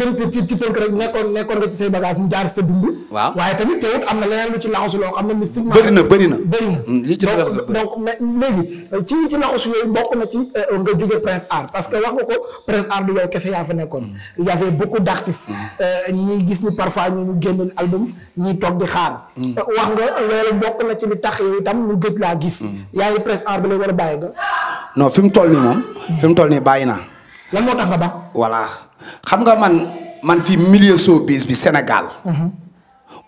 gën ci ci tënk rek nekkoon nekkoon nga ci say bagage mu jaar sa dund. waaw waaye tamit teewut am na leneen lu ci laxasu loo xam ne mystiquement. bëri na bëri na bëri na. Mm, li ci laxasu yooyu bokk na ci euh, nga jóge Prince Art parce que wax nga ko Prince Art du yow kese yaa fa nekkoon. Mm. y avait beaucoup d' mm. euh, ñi gis ni parfois ñu génnoon album ñi toog di xaar. Euh, wax nga loolu bokk na ci li tax yooyu tam ñu gëj laa gis. yaa ngi Prince Art bi la war a bàyyi nga. non fi mu toll nii moom. fi mu toll nii lan moo tax nga ba. voilà xam nga man man fi millier showbiz bi Sénégal. Mhm.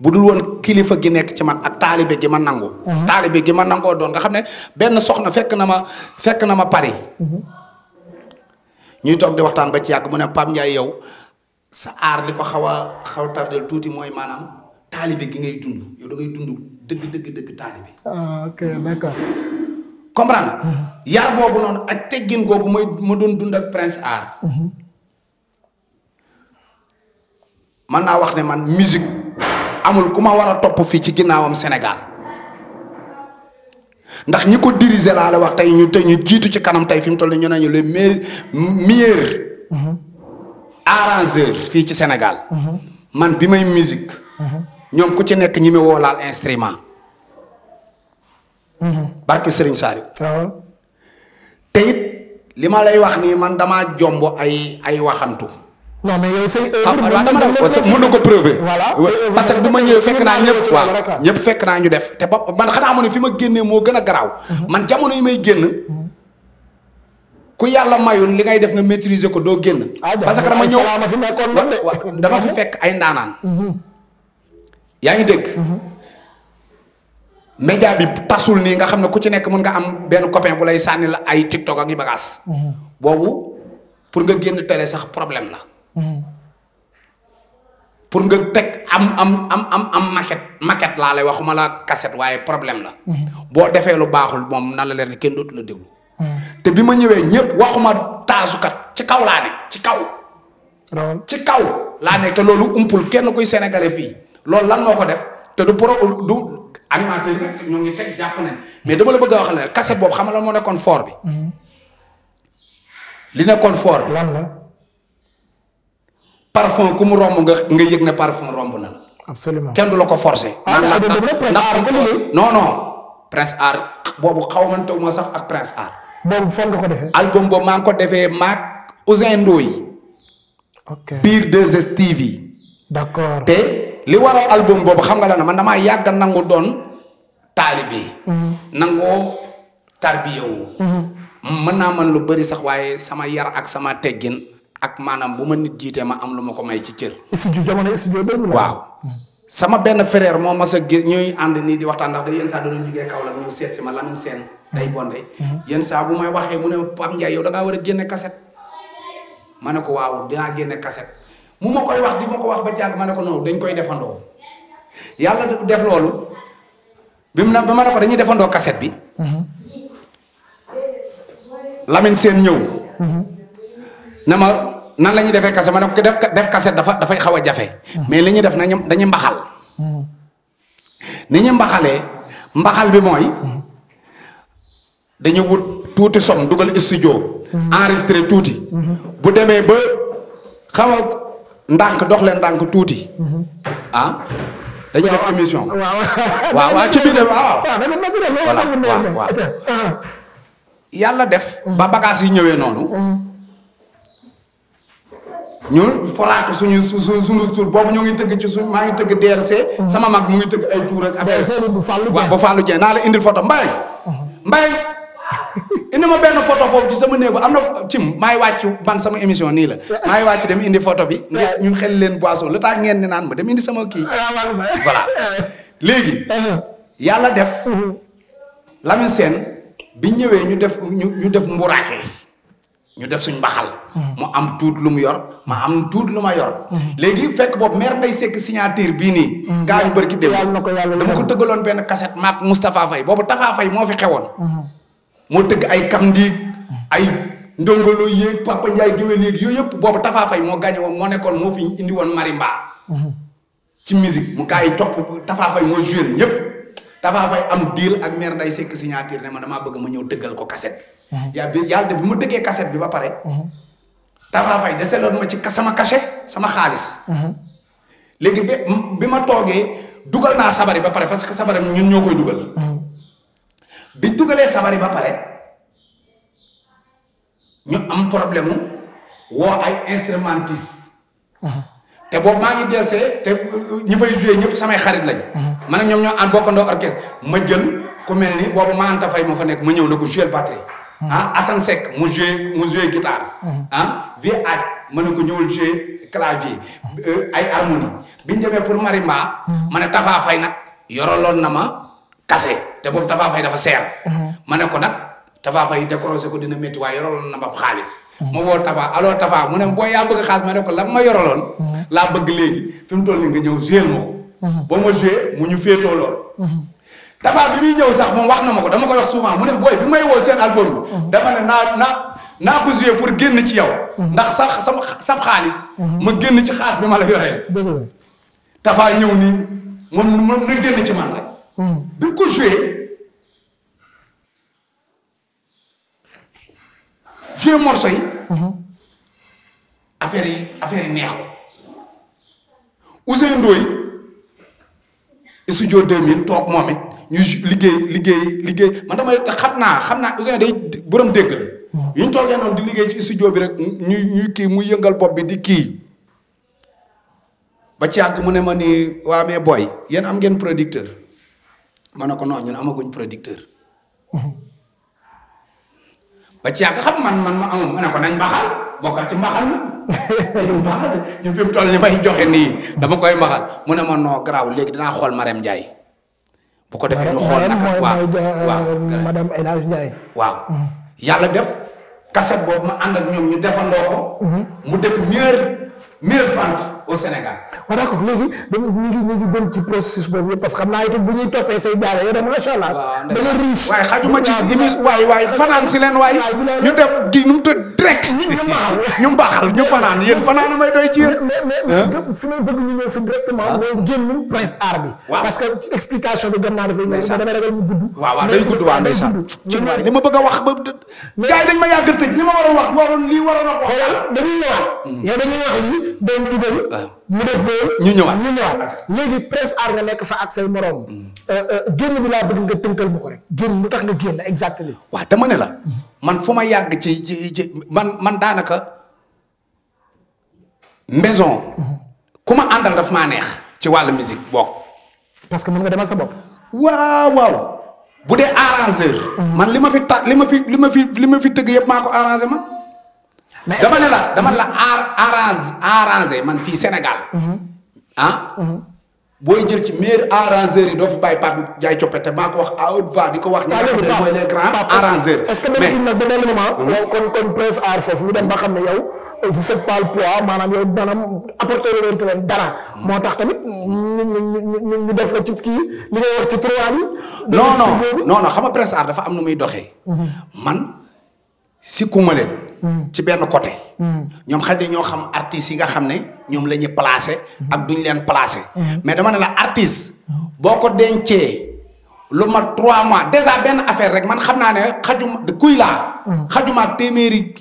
bu dul woon kilifa gi nekk ci man ak taalibe gi ma nangu. Mhm. taalibe gi ma nangoo doon nga xam ne benn soxna fekk na ma fekk na ma Paris. Mhm. ñuy toog di waxtaan ba ci yàgg mu ne Pape Ndiaye yow sa aar li ko xaw a xaw a tuuti mooy maanaam taalibe gi ngay dund yow da ngay dund dëgg dëgg dëgg taalibe. Ah, comprendre yar boobu noonu ak teggin googu mooy ma doon dund ak Prince Art man naa wax ne man musique amul ku ma war a topp fii ci ginnaawam Sénégal ndax ñi ko diriger laa wax tey ñu tey ñu jiitu ci kanam tey fi mu toll ñu nañu le meilleur meilleur arrangeur fii ci Sénégal mhm. man bi may musique mhm. ñoom ku ci nekk ñi mi woolaal instrument Mhm. barke Serigne Saliou. te it li ma lay wax nii man damaa jomb ay ay waxantu. non mais yow say heure ah, dama def parce que mën na ko prouver. parce que bi ma ñëwee fekk naa ñëpp. waaw ñëpp fekk naa ñu def te ba man xanaa ma ne fi ma génnee moo gën a garaaw. Mhm. man jamono yi may génn. Mhm. ku yàlla mayul li ngay def nga maîtriser ko doo génn. Ah, parce que dama ñëw dama fi fekk ay ndaanaan. yaa ngi dégg. média bi tasul nii nga xam ne ku ci nekk mën nga am benn copain bu lay sànni la ay TikTok ak yu bagaas. Mm-hmm. boobu pour nga génn télé sax problème la. Mm-hmm. pour nga teg am am am am am maquette maquette laa lay waxuma la cassette waaye problème la. Mm-hmm. boo defee lu baaxul moom na la leer kenn dootu la déglu. te bi ma ñëwee ñëpp waxuma taasukat ci kaw laa ne ci kaw. ci kaw laa ne te loolu umpul kenn kuy sénégalais fii loolu lan moo ko def te du pro du. animateur ñoo ngi teg jàpp mais dama la bëgg a wax ne cassette boobu xam la lan moo nekkoon fort bi. Mhm. li nekkoon foor bi. lan la. parfum ku mu romb nga nga yëg ne parfum romb na la. absolument kenn du la ko forcer. Ah, naan la ndax non boobu xaw man taw ma sax ak Prince Art. boobu fan nga ko defee. album boobu maa ngi ko defee maag Ousin Ndoye. ok biir 2STV. li war a album boobu xam nga la ne man damaa yàgg nangu doon taalibi. Mm-hmm. nangoo tarbiyewu. Mm-hmm. mën naa mën lu bari sax waaye sama yar ak sama teggin ak maanaam bu ma nit jiitee ma am lu ma ko may ci cër. studio jamono mm-hmm. sama benn frère moo ma sa gis ñuy ànd nii di waxtaan ndax da yenn saa doon jugee kaw la ñu seet si ma Lamine Sène day bonde yenn saa bu may waxee mu ne Pape Ndiaye yow da war a génne kaset ma ne ko waaw dinaa génne kaset. mu ma koy wax di ma ko wax ba jàng ma ne ko non dañ koy defandoo yàlla def loolu bi mu na ba ma ne ko dañuy defandoo kaset bi. Lamine seen ñëw. na ma nan la ñuy defee kaset ma ne ko def def kaset dafa dafay xaw a jafe. mais li ñuy def nañu dañuy mbaxal. ni ñu mbaxalee mbaxal bi mooy. dañu wut tuuti som dugal studio. enregistré tuuti. bu demee ba xaw ndànk dox leen ndànk tuuti. Mm-hmm. ah dañuy def émission. waaw waaw ci biir de waaw. yàlla def. Mm-hmm. ba bagages yi ñëwee noonu. Mm-hmm. ñu foraat suñu suñu suñu tur boobu ñu ngi tëgg ci suñ maa ngi tëgg DRC. sama mag mu ngi tëgg ay tur ak affaire. bu Fallou Dieng waaw bu Fallou naa la indil foto Mbaye. Mbaye. indi ma benn photo foofu ci sama néegu am na cim maay wàcc ban sama émission nii la maay wàcc dem indi photo bi ngir ñu xel leen boisson lu tax ngeen ni naan ma dem indi sama kii ah, voilà léegi ah, ah. yàlla def mm-hmm. Lamine Sène bi ñëwee ñu def ñu ñu def mburaake ñu def suñ mbaxal mm-hmm. mu am tuut lu mu yor ma am tuut lu ma yor mm-hmm. léegi fekk boobu maire nday sekk signature bii nii gaa ñu bërki démb dama ko tëggaloon benn cassette maak Moustapha Faye boobu Tafa Faye moo fi xewoon moo tëgg ay kam ndiig ay ndongolo yéeg Papa Ndiaye géwél yéeg yooyu yëpp boobu Tafa Faye moo gagné moo nekkoon moo fi indi woon marimba ci musique mu gars yi topp Tafa Faye mooy joué ñëpp Tafa Faye am deal ak mère day sekk signature ne ma damaa bëgg ma ñëw tëggal ko cassette yaa bi yàlla def bi mu tëggee cassette bi ba pare Tafa Faye deseloon ma ci sama cachet sama xaalis léegi bi bi ma toogee dugal naa sabari ba pare parce que sabari ñun ñoo koy dugal biñ dugalee sabari ba pare ñu am problème mu woo ay instrumentiste te boobu maa ngi delsee te ñi fay joué ñëpp samay xarit lañ man ak ñoom ñoo ànd bokkandoo orchestre ma jël ku mel ni boobu maa Anta Fay ma fa nekk ma ñëw na ko joué batterie ah Assane Seck mu joué mu joué guitare ah vie aaj ma ne ko ñëwul joué clavier euh, ay harmonie biñ demee pour marimba ma ne Tafa Fay nag yoroloon na ma kase te boobu Tafa Faye dafa seer. Uh-huh. ma ne ko nag Tafa Faye décroché ko dina métti waaye na bab xaalis. ma woo Tafa alors mu ne boo yaa bëgg xaalis ma ne ko lan ma yoroloon. Uh-huh. laa bëgg léegi fi mu toll nii nga ñëw joué ma ko. Uh-huh. ba ma joué mu ñu féetoo lool. Tafa bi muy ñëw sax moom wax na ma ko dama koy wax souvent mu ne booy bi may woo seen album bi. dama ne naa naa naa ko joué pour génn ci yow. ndax sax sama sab xaalis. ma génn ci xaalis bi ma la yoree. Tafa ñëw nii moom moom na génn ci man rek. Mm. bi mu ko joué joué morceau yi. Mm-hmm. affaire yi affaire yi neex ko Ousseynou studio 2000 toog moom it ñu liggéey liggéey liggéey man damay xam naa xam naa Ousseynou day borom dégg la. Mm. ñu toogee noonu di liggéey ci studio bi rek ñu ñu kii muy yëngal bopp bi di kii ba ci yàgg mu ne ma nii waa mais boy yéen am ngeen producteur. ma ne ko non ñun amaguñ producteur. ba ci yàgg xam man man ma amoon ma ne nañ mbaxal bokkal ci mbaxal ma ñu mbaxal ñun fi mu toll nii dama koy mbaxal mu ne ma non garaaw léegi dinaa xool Marème Ndiaye. bu ko defee ñu xool naka waaw waaw euh, madame El Hadj waaw mm-hmm. yàlla def cassette boobu ma ànd ak ñoom ñu defandoo ko. Mm-hmm. mu def meilleure meilleure vente. au Sénégal. waaw ah, d'accord léegi dañu ñu ngi ñu ngi dem ci processus boobu parce que xam naa itam bu ñuy toppee say daara yow de macha allah. waaw ndax waaye xajuma ci émission waay waay fanaan si leen waay ñu def di nu mu tudd direct. ñu mbaaxal ñu fanaan yéen fanaan may doy ci yéen. mais mais fi may bëgg ñu ñëw fi directement. mooy génn presse art bi. waaw parce que explication bi gën naa dafay. ndeysaan damay ragal mu gudd. waaw waaw day gudd waaw ndeysaan. ci waay li ma bëgg a wax ba. gars yi dañ ma yàgg tëj li ma waroon wax waroon lii waroon a wax. dañuy ñëwaat. Hmm. yow dañuy wax lii doon dugal mu def ba ñu ñëwaat ñu ñëwaat léegi presse aar nga nekk fa ak moroom mm. euh, euh, génn bi laa bëgg nga tënkal ma ko rek génn lu tax nga génn exactement waaw dama ne mm-hmm. man fu ma yàgg ci ci man man daanaka maison mm-hmm. ku ma àndal daf maa neex ci wàll musique bokk parce que mën nga demal sa bopp waaw waaw bu dee arrangeur mm-hmm. man li ma fi ta li fi li fi tëgg yëpp maa ko arrangé mais dama ne la dama la arrange arrangé man fii Sénégal. Mhm. ah. Mhm. booy jël ci meilleur arrangeur yi doo fi bàyyi Pape Ndiaye Coppete maa ko wax à haute voix di ko wax. ñi nga xam ne mooy les grands arrangeurs. mais est-ce que même mhm. dem ba xam ne yow. vous maanaam yow maanaam apporter leen dara. moo tax tamit ñu ñu ñu def la ci kii li ngay wax ci trois yi. non non non non xam nga presse dafa am nu muy doxe man sikku ma leen. ci benn côté. ñoom xaj na ñoo xam artistes yi nga xam ne ñoom la ñuy placé. ak duñ leen placé. mais dama ne la artiste. boo ko dencee lu mat trois mois déjà benn affaire rek man xam naa ne xajuma kuy laa. xajuma téeméeri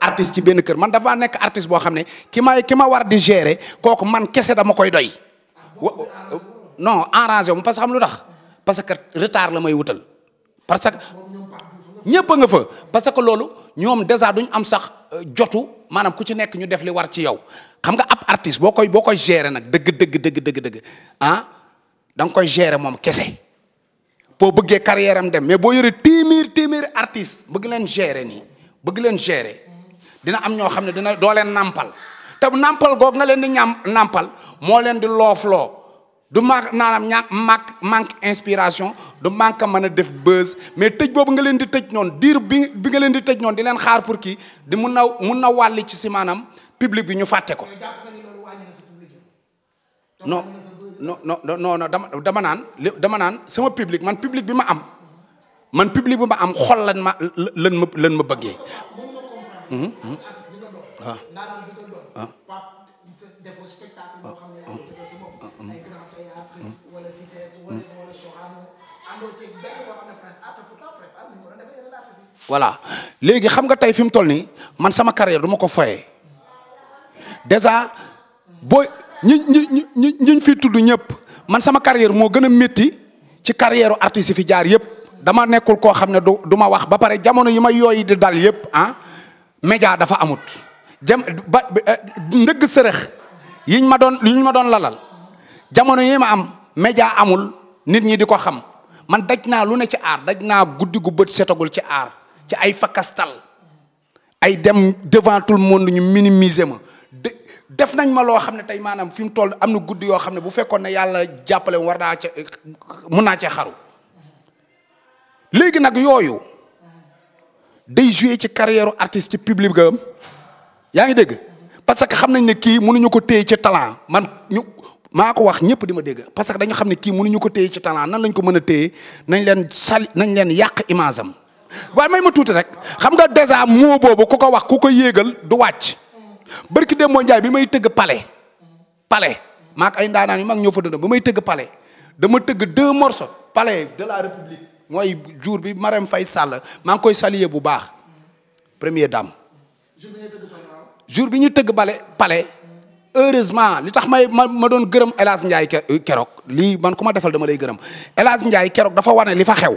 artiste ci benn kër man dafa nekk artiste boo xam ne ki may ki ma war di gérer kooku man kese dama koy doy. non arrangé wu parce que xam lu tax parce que retard la may wutal parce que. ñëpp a nga fa parce que loolu ñoom déjà duñ am sax euh, jotu maanaam ku ci nekk ñu def li war ci yow xam nga ab artiste boo koy boo koy gérer nag dëgg dëgg dëgg dëgg dëgg ah da koy gere moom kese. boo bëggee carrière am dem mais boo yore téeméer téeméer artiste bëgg leen gérer nii bëgg leen gérer dina am ñoo xam ne dina doo leen nàmpal te nàmpal googu nga leen di ñam nàmpal moo leen di loofloo. du manque naanaam ña manque manque inspiration du manque a mën a def buzz mais tëj boobu nga leen di tëj noon diir bi bi nga leen di tëj noonu di leen xaar pour kii di mun na mun na wàll ci si maanaam public bi ñu fàtte ko. non non non dama dama naan li dama naan sama public man public bi ma am man public bi ma am xol lan ma lan ma lan ma bëggee. voilà léegi xam nga tey fi mu toll nii man sama carrière du ma ko foyee déjà booy ñi ñi ñi ñi fi tudd ñëpp man sama carrière moo gën a métti ci carrière artiste yi fi jaar yëpp dama nekkul koo xam ne du du wax ba pare jamono yi ma yooyu di dal yëpp ah média dafa amut jam ba eh, ndëgg sërëx yiñ ma doon yiñ ma doon lalal jamono yi ma am média amul nit ñi di ko xam man daj naa lu ne ci aar daj naa guddi gu bët setagul ci aar ci ay fakastal ay dem devant tout le monde ñu minimiser ma def nañ ma loo xam ne tey maanaam fi mu toll am na guddi yoo xam ne bu fekkoon ne yàlla jàppale war naa ca mun naa cee xaru léegi nag yooyu day joué ci carrière artiste public gam yaa ngi dégg parce que xam nañ ne kii mënuñu ko téye ci talent man ñu maa ko wax ñëpp di ma dégg parce que dañu xam ne kii ñu ko téye ci talent nan lañ ko mën a téye nañ leen sali nañ leen yàq image am waaye may ma tuuti rek xam nga dèjà moo boobu ku ko wax ku ko yéegal du wàcc barki dem moo njaay bi may tëgg pale pale maa ay ndaanaan yu mag ñoo fa dënd may tëgg pale dama tëgg deux morso pale de la république mooy jour bi Marème fay Sall maa ngi koy saliye bu baax premier dame jour bi ñu tëgg pale pale heureusement li tax may ma ma doon gërëm El Hadj Ndiaye li lii man ku ma defal dama lay gërëm El Hadj Ndiaye keroog dafa wane li fa xew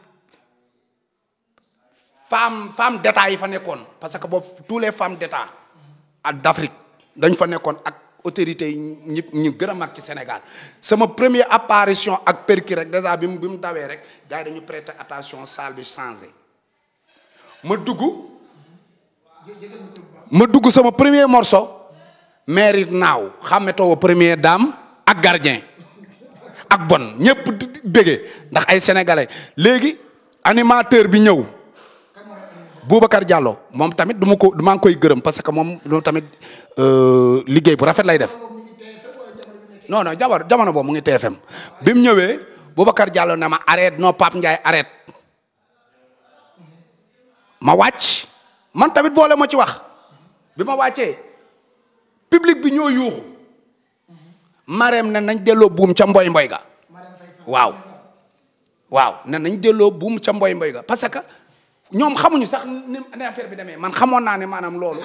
femmes femmes d'état yi fa nekkoon parce que boobu tous les femmes d'état ak d'Afrique dañ fa nekkoon ak autorités yi ñi ñu gën a mag ci Sénégal sama première apparition ak perki rek déjà bi mu bi mu dawee rek gars yi dañu prêter attention salle changé ma dugg ma dugg sama premier morso mairie naaw xàmmetoo première dame ak gardien ak bon ñëpp bége ndax ay sénégalais léegi animateur bi ñëw Boubacar Diallo moom tamit duma ko maa ngi koy gërëm parce que moom moom tamit euh, liggéey bu rafet lay def non non jabar jamono boobu mu ngi TFM bi mu ñëwee Boubacar Diallo na ma arrête non Pape Ndiaye arrête ma wàcc man tamit boole ma ci wax bi ma wàccee public bi ñoo yuuxu mareem ne nañ delloo buum ca mboy mboy ga waaw waaw ne nañ delloo buum ca mboy mboy ga parce que ñoom xamuñu sax ni affaire bi demee man xamoon naa ne maanaam loolu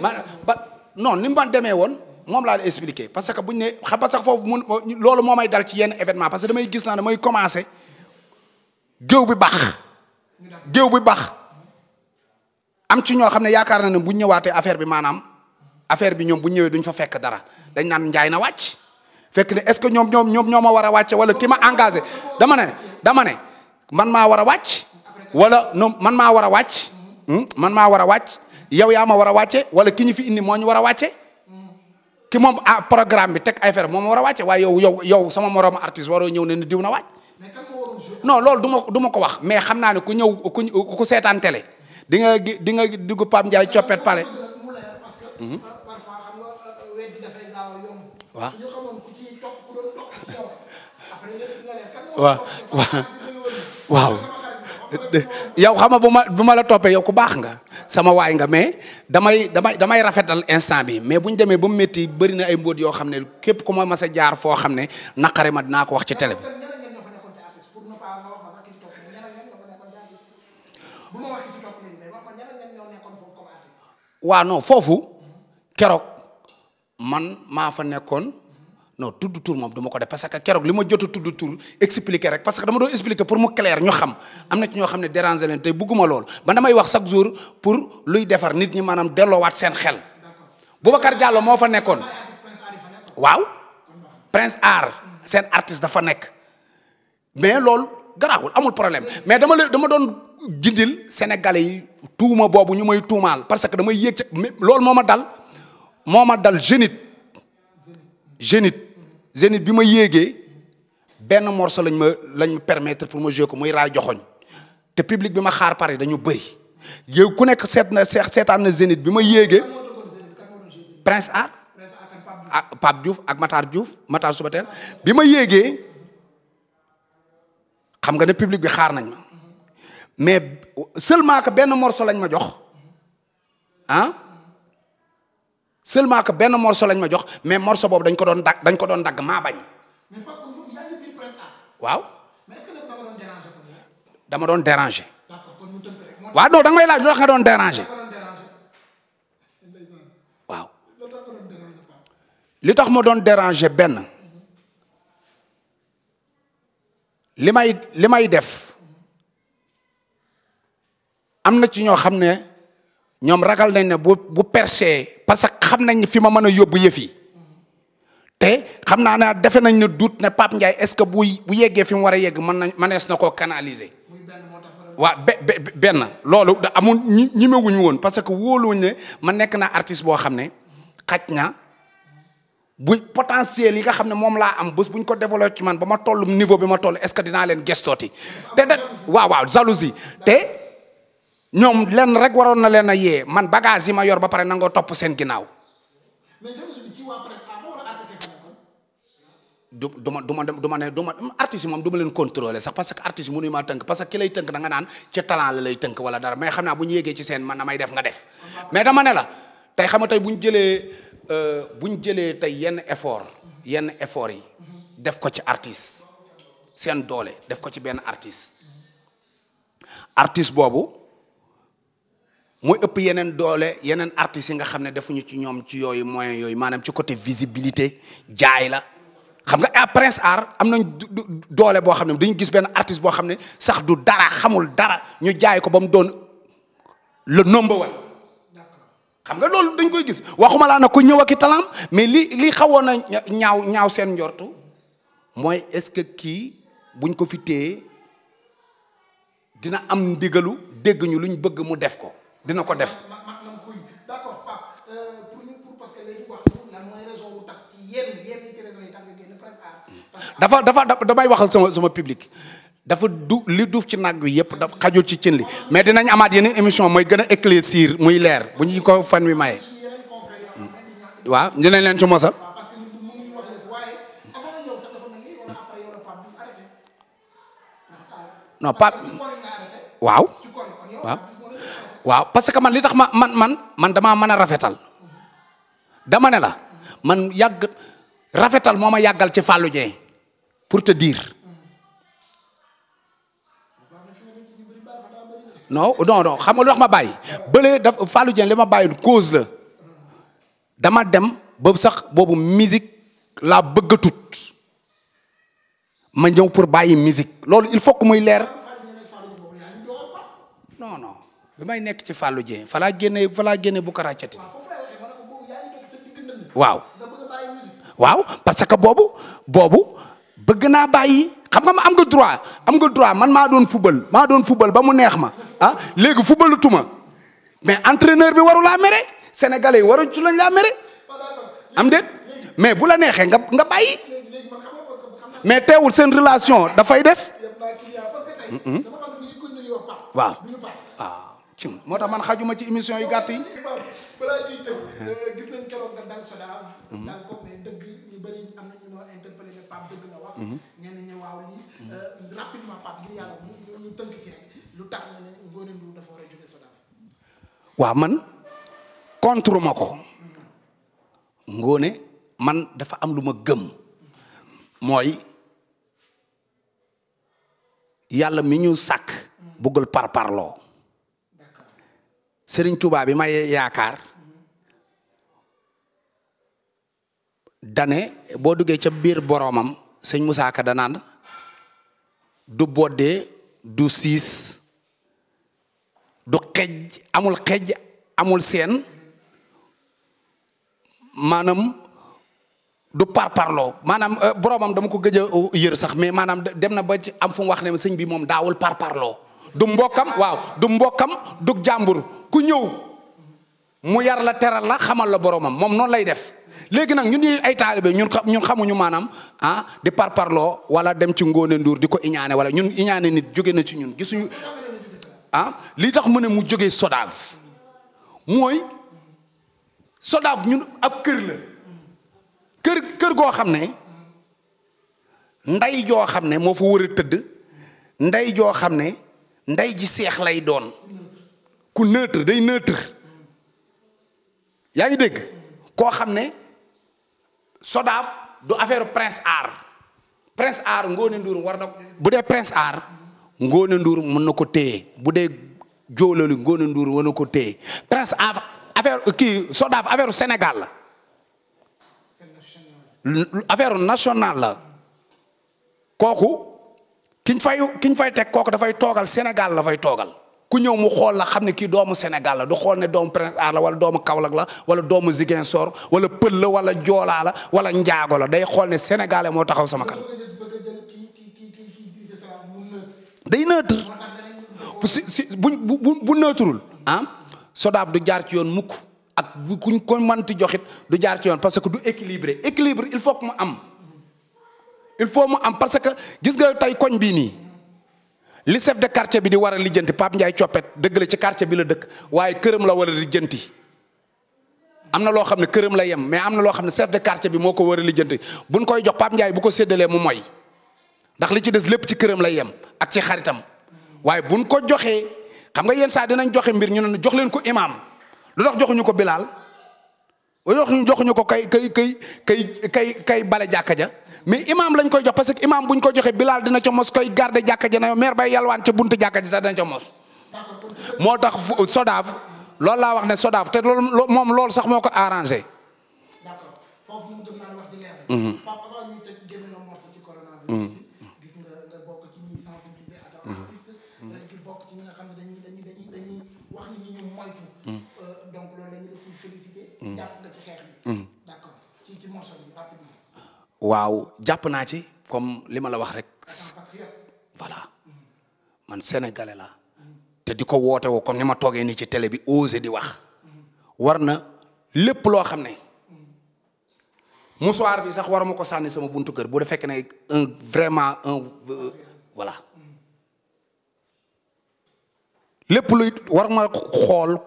maanaam ba non ni ma demee woon moom laa la expliqué parce que buñ ne xam ba sax foofu mun loolu moo may dal ci yenn événement parce que damay gis naa damay commencé bi baax géew bi baax am ci ñoo xam ne yaakaar na ne bu ñëwaatee affaire bi maanaam affaire bi ñoom bu ñëwee duñ fa fekk dara dañ naan njaay na wàcc fekk ne est-ce que ñoom ñoom ñoom ñoo ma war a wàcce wala ki ma engagé dama ne dama ne man maa war a wàcc wala non man maa war a wàcc hmm? man maa war a wàcc yow yaa ma war a wàcce wala ki ñu fi indi moo ñu war a wàcce ki moom ah programme bi teg ay fer moom ma war a wàcce waaye yow yow yow sama moromu artiste waroo ñëw ne ni diw na wàcc non loolu du ma ko wax mais xam naa ne ku ñëw ku ku seetaan télé dinga nga di nga dugg Pape Ndiaye coppet pale mhm. euh, waaw waaw yow xam nga bu ma bu ma la toppee yow ku baax nga sama waay nga mais damay damay damay rafetal instant bi mais bu ñu demee ba mu métti bëri na ay mbóot yoo xam ne képp ku ma mas a jaar foo xam ne naqare ma dinaa ko wax ci tele bi. waaw foofu keroog man maa fa nekkoon non tudd tur moom du ma ko def parce que keroog li ma jot a tudd tur expliquer rek parce que dama doon expliquer pour mu clair ñu xam am na ci ñoo xam ne déranger leen te bugguma lool ba damay wax chaque jour pour luy defar nit ñi maanaam delloowaat seen xel. kar Diallo moo fa nekkoon waaw Prince Art seen artiste dafa nekk mais loolu garaawul amul problème mais dama la dama doon jindil Sénégalais yi tuuma boobu ñu may tuumaal parce que damay yéeg ca lool moo ma dal moo ma dal génit génit zénith bi ma yéegee benn morceau lañ ma lañ permettre pour ma jouer ko muy raay joxoñ te public bi ma xaar pare dañu bëri yow ku nekk seet na seetaan na zénith bi ma yéegee prince art ak Pape Diouf ak Matar Diouf Matar Subatel bi ma yéegee xam nga ne public bi xaar nañ ma mais seulement que benn morceau lañ ma jox ah? seulement que benn morceau lañ ma jox mais morceau boobu dañ ko doon dagg dañ ko doon dagg maa bañ. waaw. dama doon déranger. waaw non da nga may laaj loo xam nga doon déranger. li tax ma doon déranger benn. li may li may def am na ci ñoo xam ne ñoom ragal nañ ne bu bu parce xam nañ fi ma mën a yóbbu yëf yi te xam naa ne defe nañ ne doute ne Pape Ndiaye est-ce que bu bu yeggee fi mu war a yegg mën nañ mënees na koo canaliser. waaw be benn loolu da amul ñi ñemewuñu woon parce que wóoluwuñ ne ma nekk naa artiste boo xam ne xaj na bu potentiel yi nga xam ne moom laa am bés bu ñu ko développé ci man ba ma toll niveau bi ma toll est-ce que dinaa leen gestooti te da waaw waaw jalousie te ñoom lenn rek waroon na leen a yee man bagage yi ma yor ba pare nangoo topp seen ginnaaw. mais jeunesse bi ci waa presse ah moo war a artiste xanaa kon. du du ma du ma du ma ne du ma artiste moom du ma leen contrôler sax parce que artiste mënuñu maa tënk parce que ki lay tënk da nga naan ci talent la lay tënk wala dara mais xam naa bu ñu yéegee ci seen man damay def nga def. mais dama ne la tey xam nga tey bu ñu jëlee euh, bu ñu jëlee tey yenn effort yenn effort yi. def ko ci artiste. seen doole def ko ci benn artiste. artiste boobu. mooy ëpp yeneen doole yeneen artistes yi nga xam ne defuñu ci ñoom ci yooyu moyens yooyu maanaam ci côté visibilité jaay la xam nga à Prince Art am nañ doole boo xam ne dañu gis benn artiste boo xam ne sax du dara xamul dara ñu jaay ko ba mu doon le number one xam nga loolu dañ koy gis waxuma laa na ko ñëw ak i mais li li xawoon na ñaaw ñaaw seen njortu mooy est-ce que kii buñ ko fi téye dina am ndigalu dégg ñu luñ bëgg mu def ko dina ko def. d'accord dafa dafa damay wax sama sama public. dafa du li duuf ci nag wi yëpp daf xajul ci cin li mais dinañ amaat yeneen émission mooy gën a éclaircir muy leer bu ñu ko fan wi maye. Hmm. waaw dinañ leen ci mosal. waaw. waaw parce que man li tax ma man man man damaa mën a rafetal dama ne la man yàgg rafetal moo ma yàggal ci Fallou Dieng pour te dire non non xam nga lu ma bàyyi bële daf Fallou ma bàyyi cause la dama dem ba sax boobu musique laa bëgg a tut ma ñëw pour bàyyi musique loolu il faut que muy leer non bi may nekk ci fàllu Dieng falaa génne génnee fa laa bu karaacati waaw waaw parce que boobu boobu bëgg naa bàyyi xam nga ma am nga droit am nga droit man maa doon fubal maa doon fubal ba mu neex ma ah léegi fubalutuma mais entraîneur bi waru laa mere sénégalais yi waru ci lañ laa mere am déet mais bu la neexee nga nga mais teewul seen relation dafay des waaw waaw moo tax man xajuma ci émission yu gàtt yi. Euh, gis nañ keroog nga dal Sodav. Mhm. dal ko mais dëgg ñu bëri am na ñu noo interpellé ne Pape dëgg la wax. Mhm. Mhm. Euh, nga ne Ngoné dafa waaw man contre ma ko. Ngoné man dafa am lu ma gëm mooy yàlla mi ñu sàkk bëggul parparloo sëriñ Touba bi may yaakaar dane boo duggee ca biir boroomam sëñ Moussa Ka danaan du boddee du siis du xej amul xej amul seen maanaam du parparloo maanaam euh, boromam dama ko gëj a sax mais maanaam dem na ba ci am fu wax ne sëñ bi moom daawul parparloo du mbokkam waaw du mbokkam du jàmbur ku ñëw mu yar la teral la xamal la boromam moom noonu lay def léegi nag ñun ñuy ay be ñun ñun xamuñu maanaam ah di parparloo wala dem ci Ngone nduur di ko iñaane wala ñun iñaane nit jóge na ci ñun gisuñu ah li tax mu ne mu jóge SODAV mooy SODAV ñun ab kër la kër kër goo xam ne nday joo xam ne moo fu war a tëdd nday joo xam ne ndey ji seex lay doon ku neutre day neutre yaa ngi dégg koo xam ne sodaaf du affaire prince aar prince aar Ngoné bu dee prince aar Ngoné Ndour mën na ko téye bu dee joololi Ngoné Ndour war ko téye prince aar affaire kii affaire Sénégal la affaire nationale la kooku kiñ fay kiñ fay teg kooku dafay toogal Sénégal la fay toogal ku ñëw mu xool la xam ne kii doomu Sénégal la du xool ne doomu Prince Art la wala doomu Kaolack la wala doomu Ziguinchor wala Pël la wala Joolaa la wala Njaago la day xool ne sénégalais moo taxaw sama kanam day neutre si si bu bu bu neutrul ah du jaar ci yoon mukk ak kuñ ko mënti joxit du jaar ci yoon parce que du équilibré équilibre il faut que mu am. il faut mu am parce que gis nga tey koñ bii nii li chef de quartier bi di war a lijjanti Pape Ndiaye coppet dëgg la ci quartier bi la dëkk waaye këram la war a lijjanti am na loo xam ne këram la yem mais am na loo xam ne chef de quartier bi moo ko war a lijjanti buñ koy jox Pape Ndiaye bu ko séddalee mu mooy ndax li ci des lépp ci këram la yem ak ci xaritam waaye buñ ko joxee xam nga yenn saa dinañ joxe mbir ñu ne jox leen ko imaam lu tax joxuñu ko bilaal wax ñu joxuñu ko kay kay kay kay kay kay bale jàkka ja mais imam lañ koy jox parce que imam buñ ko joxee bilaal dina ca mos koy garde jàkka ja na yow maire bay yalwaan ca buntu jàkka ja sax dina ca mos moo tax sodaaf loolu laa wax ne sodaaf te lool moom loolu sax moo ko arrangé d'accord foofu waaw jàpp naa ci comme li ma la wax rek voilà man sénégalais te di ko woote woo comme ni ma toogee nii ci télé bi osé di wax war na lépp loo xam ne musuwaar bi sax waruma ko sànni sama buntu kër bu da fekk ne un vraiment un voilà lépp luy war ma xool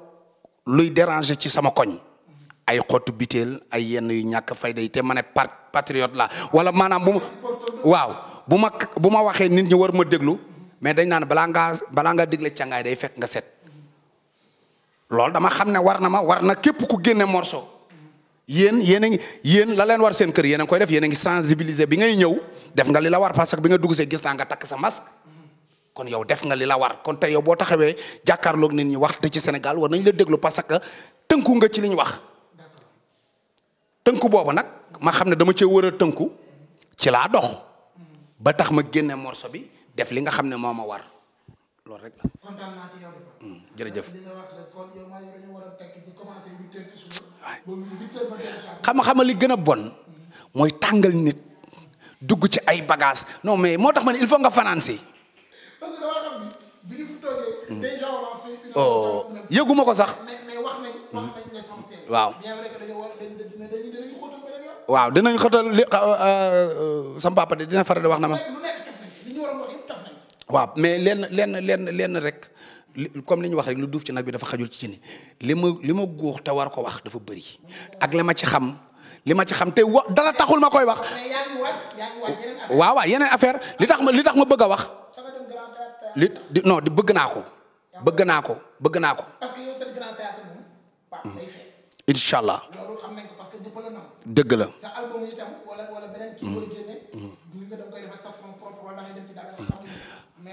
luy déranger ci sama koñ ay xottu biteel ay yenn yu ñàkk fayda yi te ma ne patriote la wala maanaam bu ma waaw bu ma bu ma waxee nit ñi war ma déglu mais dañ naan balaa ngaa balaa ngaa dégle càngaay day fekk nga set loolu dama xam ne war na ma war na képp ku génne morso yéen yéen a ngi yéen la leen war seen kër yéen a ngi koy def yéen ngi sensibilisé bi ngay ñëw def nga li la war parce que bi nga dugg see gis naa nga takk sa masque kon yow def nga li la war kon tey yow boo taxawee jàkkaarloog nit ñi wax te ci Sénégal war nañ la déglu parce que tënku nga ci li ñu wax tënku boobu nag ma xam ne dama cee war a tënku ci laa dox ba tax ma génne morso bi def li nga xam ne moo ma war loolu hmm, xam-xama li gën a bon mooy tàngal nit dugg ci ay bagages non mais moo tax ma ne il faut nga hmm. fanaan oh, si. yëguma ko sax. waaw waaw dinañ xóotal li euh, euh, sama papa de dina faral di wax na ma waaw mais lenn lenn lenn lenn rek comme li ñu wax rek lu duuf ci nag bi dafa xajul ci ci ni li ma li ma góox te war ko wax dafa bëri ak la ma ci xam li ma ci xam te wa dara taxul ma koy wax waaw yeneen affaire li tax ma li tax ma bëgg a wax li non di bëgg naa ko bëgg naa ko bëgg naa ko incha allah dëgg la.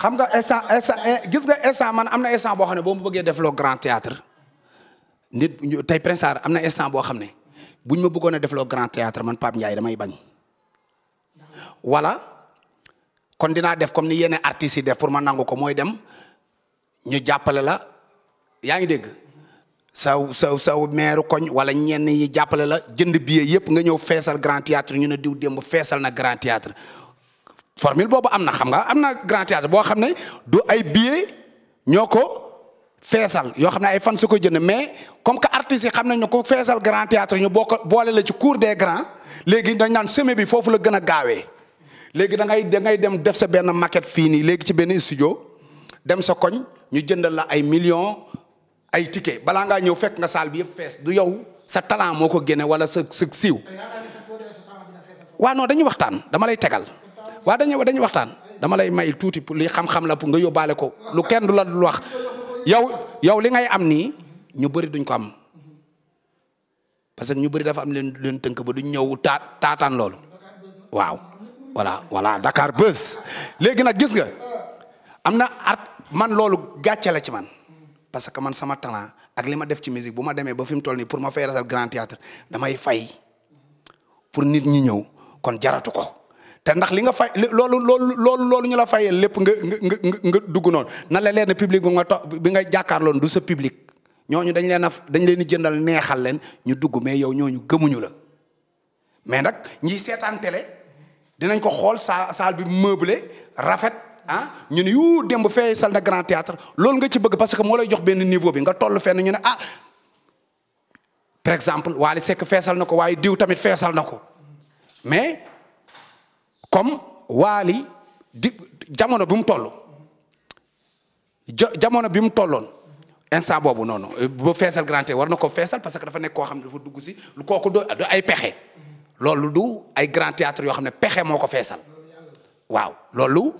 xam nga instant instant eh, gis nga instant man am na instant boo xam ne boo ma bëggee def loo grand théâtre nit tey Prince Sarr am na instant boo xam ne buñ ma bëggoon a def loo grand théâtre man Pape Ndiaye damay bañ wala kon dinaa def comme ni yenn artistes def pour ma nangu ko mooy dem ñu jàppale la yaa ngi dégg. saw saw saw meeru koñ wala ñenn yi jàppale la jënd billet yëpp nga ñëw feesal grand théâtre ñu ne diw démb feesal na grand théâtre formule boobu am na xam nga am na grand théâtre boo xam ne du ay billet ñoo ko feesal yoo xam ne ay fan su ko jënd mais comme que artistes yi xam nañ ne ko feesal grand théâtre ñu boo ko boole la ci cour des grands léegi dañ naan semaine bi foofu la gën a gaawee léegi da ngay da dem def sa benn maquette fii nii léegi ci benn studio dem sa koñ ñu jëndal la ay millions ay ticket balaa ngaa ñëw fekk nga saal bi yëpp fees du yow sa talent moo ko génne wala sa sa siiw. waa noo dañuy waxtaan dama lay tegal waaw dañuy dañuy waxtaan dama lay may tuuti pour li xam-xam la pour nga yóbbaale ko lu kenn du la dul wax yow yow li ngay am nii ñu bëri duñ ko am parce que ñu bëri dafa am leen leen tënk ba duñ ñëw taa taataan loolu waaw. voilà voilà Dakar Buzz léegi nag gis nga am na at man loolu gàcce la ci man. parce que man sama talent ak li ma def ci musique bu ma demee ba fi mu toll nii pour ma fay rasal grand théâtre damay fay pour nit ñi ñëw kon jaratu ko te ndax li nga fay loolu loolu ñu la fayee lépp nga nga nga dugg noonu na la leen ne public bi nga to bi nga jàkkaarloon du sa public ñooñu dañ leen a dañ leen di jëndal neexal leen ñu dugg mais yow ñooñu gëmuñu la mais nag ñii seetaan télé dinañ ko xool sa salle bi meublé rafet. ah ñu ne yuu démb fee salle de grand théâtre loolu nga ci bëgg parce que moo lay jox benn niveau bi nga toll fenn ñu ne ah par exemple Wally Seck feesal na ko waaye diw tamit feesal na ko mais comme Wally di jamono bi mu toll jamono bi mu tolloon instant boobu noonu ba feesal grand théâtre war na ko feesal parce que dafa nekk koo xam ne dafa dugg si lu kooku do ay pexe loolu du ay grand théâtre yoo xam ne pexe moo ko feesal waaw loolu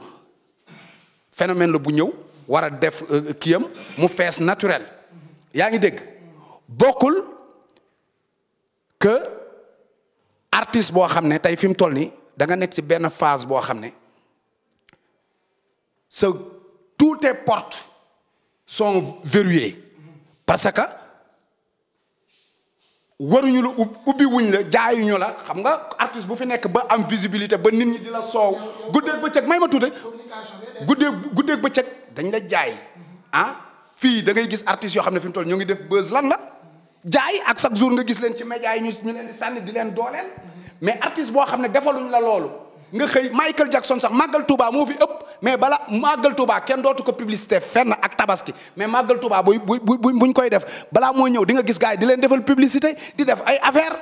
phénomène la bu ñëw war a def euh, kiyam mu fees naturel yaa ngi dégg bokkul que artiste boo xam ne tey fi mu toll nii da nga nekk ci benn phase boo xam ne sa toutes tes portes sont verrouillées parce que waruñu la ubbi wuñ la jaayuñu la xam nga artiste bu fi nekk ba am visibilité ba nit ñi di la soow guddeeg bëccëg may ma tuute guddeeg guddeeg bëccëg dañ la jaay ah fii da ngay gis artistes yoo xam ne fi mu toll ñu ngi def buzz lan la jaay ak chaque jour nga gis leen ci média yi ñu ñu leen di sànni di leen dooleel mais artiste boo xam ne defaluñ la loolu nga xëy Michael Jackson sax màggal Touba moo fi ëpp mais bala màggal Touba kenn dootu ko publicité fenn ak tabaski mais màggal Touba buy bu bu buñ koy def balaa moo ñëw di nga gis gars di leen defal publicité di def ay affaire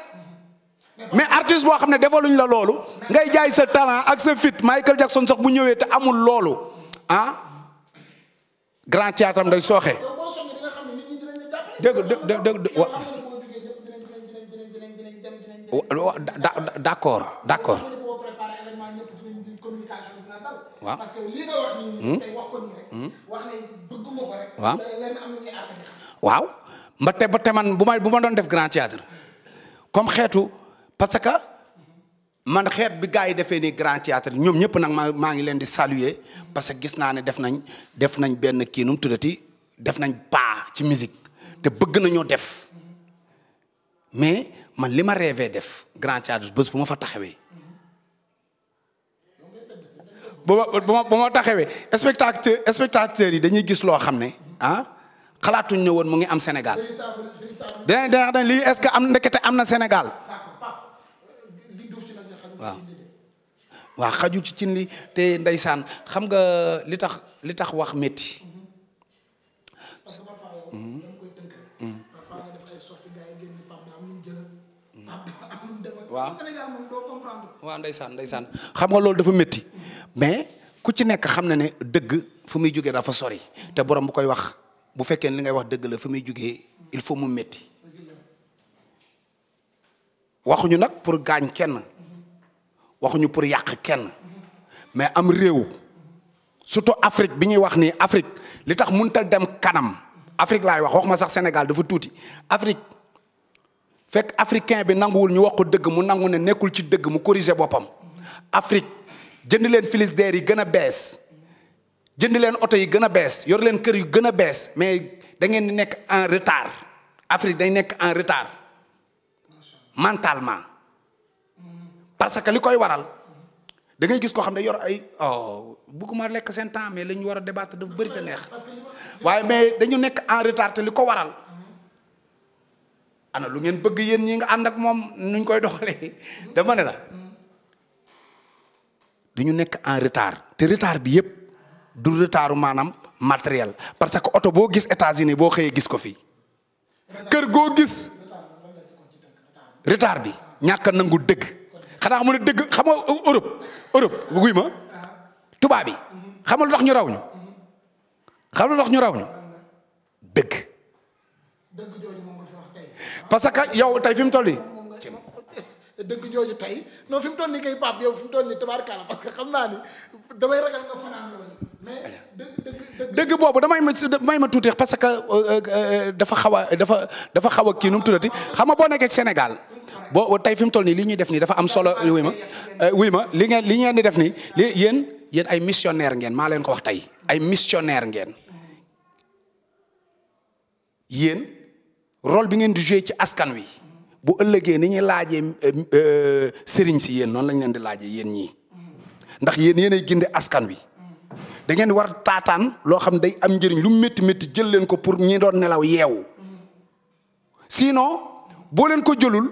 mais artiste boo xam ne defaluñ la loolu ngay jaay sa talent ak sa fit Michael Jackson sax bu ñëwee te amul loolu ah grand théâtre am day sooxe. dégg dégg dégg wa d'accord waaw parce hmm? hmm? waaw lenn mba te ba te man bu ma bu ma doon def grand théâtre comme xeetu parce que man xeet bi gars yi defee nii grand théâtre ñoom ñëpp nag maa maa ngi leen di saluer parce que gis naa ne def nañ def nañ benn kii nu mu tuddati def nañ pas ci musique te bëgg nañoo def mais man li ma rêvé def grand théâtre bés bu ma fa taxawee. ba ma ba ma taxawee spectateur spectateurs yi dañuy gis loo xam ne ah xalaatuñ ne woon mu ngi am Sénégal. dinañ dinañ wax lii est-ce que am ndekete am na Sénégal. waaw waaw xaju ci cin li te ndeysaan xam nga li tax li tax wax métti. waaw waaw ndeysaan ndeysaan xam nga loolu dafa métti. mais ku ci nekk xam na ne dëgg fu muy jógee dafa sori te borom bu koy wax bu fekkee li ngay wax dëgg la fu muy jugee il faut mu métti waxuñu nag pour gaañ kenn waxuñu pour yàq kenn mais am réew surtout Afrique bi ñuy wax nii Afrique li tax mënta dem kanam Afrique laay wax wax ma sax Sénégal dafa tuuti Afrique fekk africain bi nanguwul ñu wax ko dëgg mu nangu ne nekkul ci dëgg mu corriger boppam Afrique. jënd leen Frigidaire yi gën a bees jënd leen oto yi gën a bees yor leen kër yu gën a bees mais da ngeen di nekk en retard Afrique day nekk en retard mentalement parce que li koy waral dangay gis koo xam ne yor ay oh bëgguma lekk seen temps mais la ñu war a débattre daf bëri te neex waaye mais dañu nekk en retard te li ko waral ana lu ngeen bëgg yéen ñi nga ànd ak moom nuñ koy doxalee dama ne la. ñu nekk en retard te retard bi yëpp du retardu maanaam matériel parce que oto boo gis États-Unis boo xëyee gis ko fii kër goo gis retard bi ñàkk a nangu dëgg xanaa xam ne dëgg xam nga Europe Europe guy ma tubaab yi xam nga ñu raw ñu xam lu ñu raw ñu dëgg parce que yow tey fi mu toll dëgg ñooñu tey non fi mu toll nii kay Pape yow fi toll nii tabaarkaala parce que xam naa ni damay ragal nga fanaan loolu dëgg boobu damay ma damay ma tuuti parce que euh, euh, euh, dafa xaw dafa dafa xaw a kii nu mu xam nga boo nekkee Sénégal boo tey fi mu toll nii li ñuy def nii dafa am solo wuy ma wuy ma li ngeen li di def nii li yéen yéen ay missionnaire ngeen maa leen ko wax tey ay missionnaire ngeen yéen rôle bi ngeen di joué ci askan wi bu ëllëgee ni ñuy laajee eh, eh, sëriñ si yéen noonu lañ leen di laajee yéen ñii ndax yéen yéenay gindi askan wi da ngeen war taataan loo xam day am njëriñ lu métti métti jël leen ko pour ñi doon nelaw yeewu sinon boo leen ko jëlul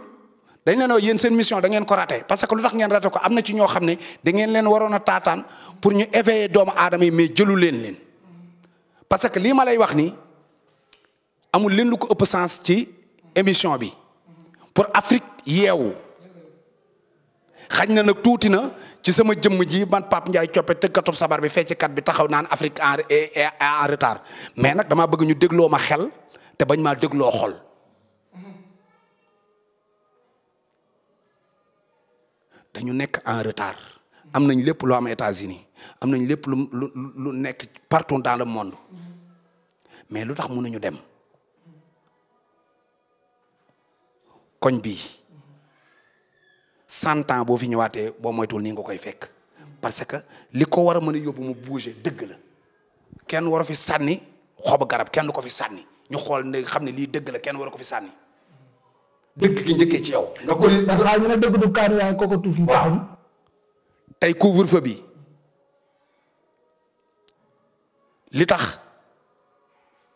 dañ yéen seen mission da ngeen ko raté parce que lu tax ngeen raté ko am na ci ñoo xam ne da ngeen waroon a taataan pour ñu éveiller doomu aadama yi mais jëlu leen leen parce que lii ma lay wax nii amul leen lu ko ëpp sens ci émission bi. pour Afrique yeewu xañ na nag tuuti na ci sama jëmm ji man Pape Ndiaye coppe tëkkatub sabar bi feccikat bi taxaw naan Afrique en en retard mais nag dama bëgg ñu dégloo ma xel te bañ maa dégloo xol dañu nekk en retard am nañ lépp loo am États-Unis am nañ lépp lu lu nekk partout dans le monde mais lu tax nañu dem koñ bii cent boo fi ñëwaatee boo moytuwul nii nga koy fekk parce que li ko war a mën a yóbbu mu bouger dëgg la kenn waru fi sànni xob garab kenn du ko fi sànni ñu xool ne xam ne lii dëgg la kenn waru ko fi sànni dëgg gi njëkkee ci yow. nga ko li xaar ñu ne dëgg du tey couvre-feu bi li tax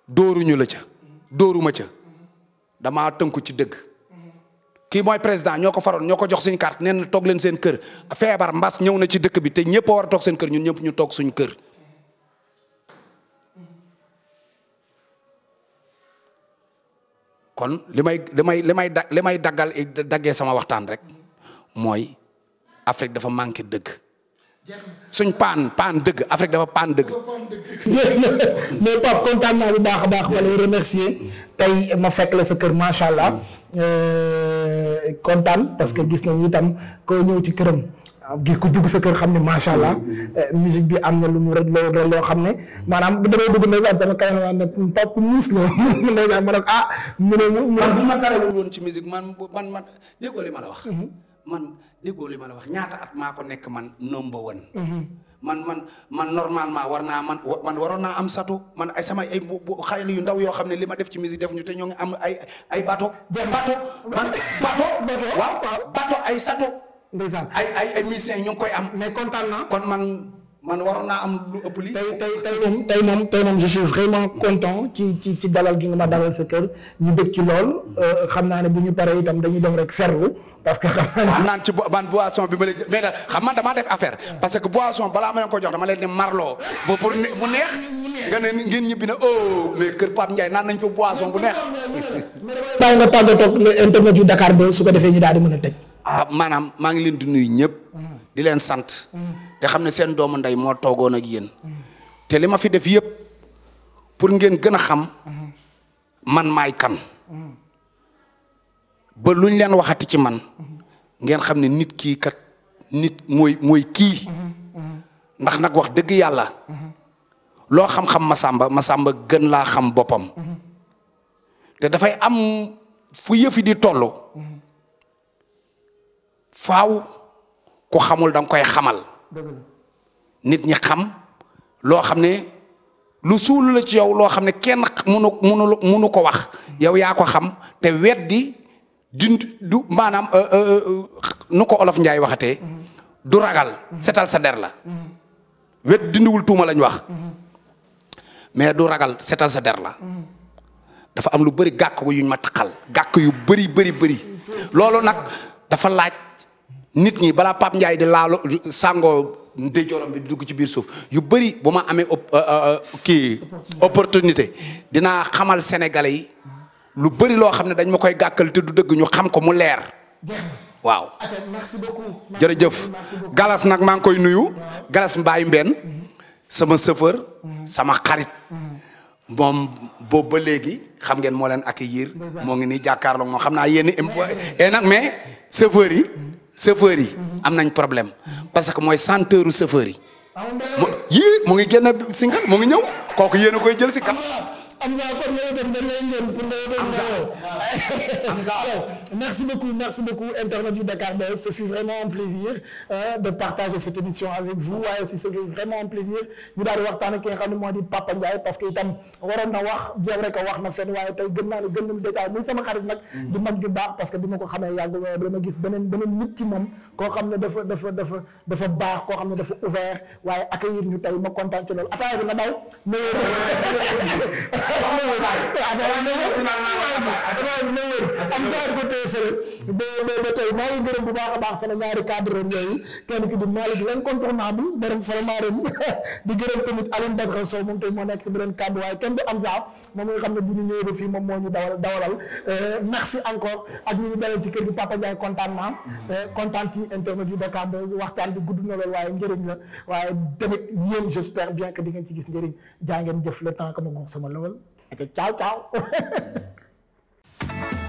dóoruñu la ca dóoruma ca damaa tënku ci dëgg. kii mooy président ñoo ko faroon ñoo ko jox suñ carte nee na toog leen seen kër feebar mbas ñëw na ci dëkk bi te ñëpp a war a toog seen kër ñun ñëpp ñu toog suñ kër. kon li may li may li may da li may daggal daggee sama waxtaan rek mooy Afrique dafa manqué dëgg. suñ paan paan dëgg Afrique dafa paan dëgg. mais Pape kontaan bu baax baax ma lay remercier. tey ma fekk la sa kër macha allah mm. euh, kontaan parce que gis nañu itam koo ñëw ci këram. gis ko dugg sa kër xam ne macha allah mm. euh, musique bi am na lu mu rek loo xam ne maanaam damay dugg ndeysaan sama kaay la ne pap muus la mu ne ah. mu ne mu man bu ma karawul woon ci man man man déggoo li ma la wax. Mm-hmm. man déggoo li ma la wax ñaata at maa ko nekk man number one. Mm-hmm. man man man normalement war naa man man waroon naa am sato man ay samay ay xale yu ndaw yoo xam ne li ma def ci musique def ñu te ñoo ngi am ay ay bato. bato man bato. waaw bato ay sato. ndeysaan ay ay ay musiciens ñu koy am. kon man. man waroon naa am lu ëpp lii. tey tey tey moom tey moom tey vraiment content ci ci ci dalal gi nga ma dalal sa kër ñu bëgg ci lool euh, xam naa ne bu ñu paree itam dañuy dem rek ferlu parce que xam naa ne. ban boisson bi ma lay xam man damaa def affaire parce que boisson balaa ma leen ko jox dama leen ne marloo ba pour mu neex nga ne ngeen ñibbi na oh mais kër Pape Ndiaye naan nañ fa boisson bu neex. bàyyi nga tàggatoo ak internet yu Dakar ba su ko defee ñu daal di mën a teg ah maanaam maa ngi leen di nuyu ñëpp. Mm. di leen sant. Mm. te xam ne seen doomu ndey moo toogoon ak yéen te li ma fi def yëpp pour ngeen gën a xam man may kan ba luñ leen waxati ci man ngeen xam ne nit kii kat nit mooy mooy kii ndax nag wax dëgg yàlla loo xam-xam Masamba Masamba gën laa xam boppam te dafay am fu yëfi di toll faaw ku xamul danga koy xamal nit ñi xam loo xam ne lu suulu la ci yow loo xam ne kenn munu munu munu ko wax yow yaa ko xam te weddi di du maanaam euh, euh, euh, nu ko olof njaay waxatee du ragal setal sa der la wet dindiwul tuuma lañ wax mais du ragal setal sa der la dafa am lu bëri gàkk yu ñu ma taqal gàkk yu bëri bari bëri loolu nag dafa laaj nit ñi bala Pape Ndiaye di laalo sàngoo ndeyjooram bi dugg ci biir suuf yu bëri bu ma amee euh, euh, kii opportunité dinaa xamal sénégalais lu bëri loo xam ne dañ ma koy gàkkal te du dëgg ñu xam ko mu leer waaw jërëjëf galas nag maa ngi koy nuyu galas mbaay mbenn sama chauffeur sama xarit moom boobu ba léegi xam ngeen moo leen ak yiir moo ngi nii jàkkaarloo moom xam naa yénn e nag mais chauffeur yi chauffeur yi mm-hmm. am nañ problème parce que mooy centeuru chauffeur yi mu yii mu ngi génn single mu ngi ñëw kooku yéen a koy jël si am kon yow itam dañ lay ngeen pour nga yow Amza Amza de partager cette émission avec vous waaye aussi ce fut daal di waxtaan ak ne moo di Papa Ndiaye parce que wax jéem rek wax na fenn waaye tey gën naa ne gën sama xarit nag. Mm. di baax parce que bi ma ko xamee yàggul waaye dama gis beneen beneen nit ci moom koo xam ne dafa dafa dafa dafa baax koo xam ne dafa ouvert waaye accueillir ñu tey ma kontaan ci loolu attaaya bi na daw. ba ba tey maa ngi gërëm bu baax a baax sama ñaari cadre yooyu kenn ki di Malick l'incontournable borom vraiment ren di gërëm tamit Alioune Badara Sow moom tey moo nekk ci beneen cadre waaye kenn du am sax moom nga xam ne bu ñu ñëwee fii moom moo ñu dawal dawalal merci encore ak ñu ñu dalal ci kër gi Papa Ndiaye kontaan naa kontaan ci internet yu Dakar Buzz waxtaan bi gudd na waaye njëriñ la waaye tamit yéen j'espère bien que di ngeen ci gis njëriñ jaa ngeen jëf le temps que ma sama lawal cái cháu cháu